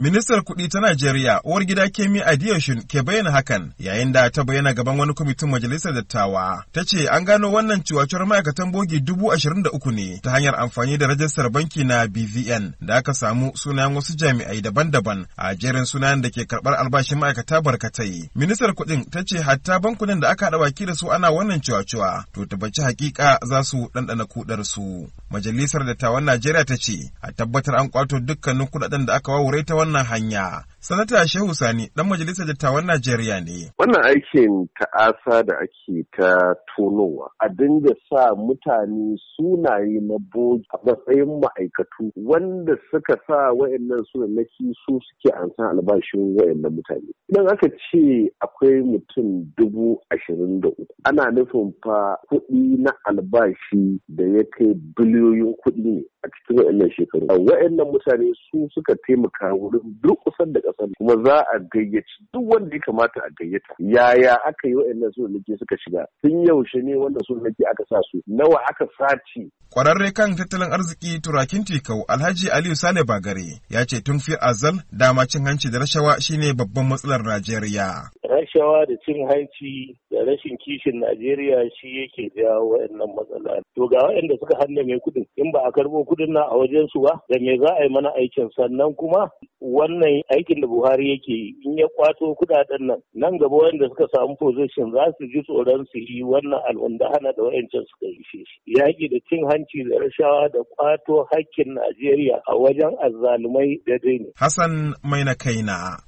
Ministar kuɗi ta Najeriya, uwar gida Kemi Adeyoshin ke bayyana hakan yayin da ta bayyana gaban wani kwamitin majalisar dattawa. Ta ce an gano wannan ciwacuwar ma'aikatan bogi dubu ashirin da uku ne ta hanyar amfani da rajistar banki na BVN da aka samu sunayen wasu jami'ai daban-daban a jerin sunayen da ke karɓar albashin ma'aikata barkatai. Ministar kuɗin ta ce hatta bankunan da aka haɗa baki da su ana wannan ciwacuwa to ta tabbaci hakika za su ɗanɗana kuɗar su. Majalisar dattawan Najeriya ta ce a tabbatar an kwato dukkanin kuɗaɗen da aka wawure ta wannan hanya Sanata Shehu Sani ɗan majalisar dattawan Najeriya ne. Wannan aikin ta'asa da ake ta tonowa a dinga sa mutane sunaye na bogi a matsayin ma'aikatu wanda suka sa wayannan sunanaki su suke ansan albashin wayannan mutane. Idan aka ce akwai mutum dubu ashirin da uku ana nufin fa kuɗi na albashi da ya kai biliyoyin kuɗi ne a cikin wayannan shekaru. Wayannan mutane su suka taimaka wurin duk kusan da kuma za a gayyaci duk wanda ya kamata a gayyata yaya aka yi wa'annan nake suka shiga tun yaushe ne wanda nake aka sa su nawa aka sace kwararre kan tattalin arziki turakin tikau alhaji aliyu sale bagare ya ce tun fi azal dama cin hanci da rashawa shine babban matsalar najeriya rashawa da cin hanci da rashin kishin Najeriya shi yake jawo wa'annan matsala. To ga wa'anda suka handame kuɗin in ba a karɓo kuɗin nan a wajen su ba da me za a yi mana aikin sannan kuma wannan aikin da Buhari yake yi in ya kwato kuɗaɗen nan nan gaba waɗanda suka samu position za su ji tsoron su yi wannan hana da waɗancan suka yi shi. Yaƙi da cin hanci da rashawa da kwato hakkin Najeriya a wajen azzalumai dai ne. Hassan Maina Kaina,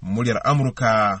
muryar Amurka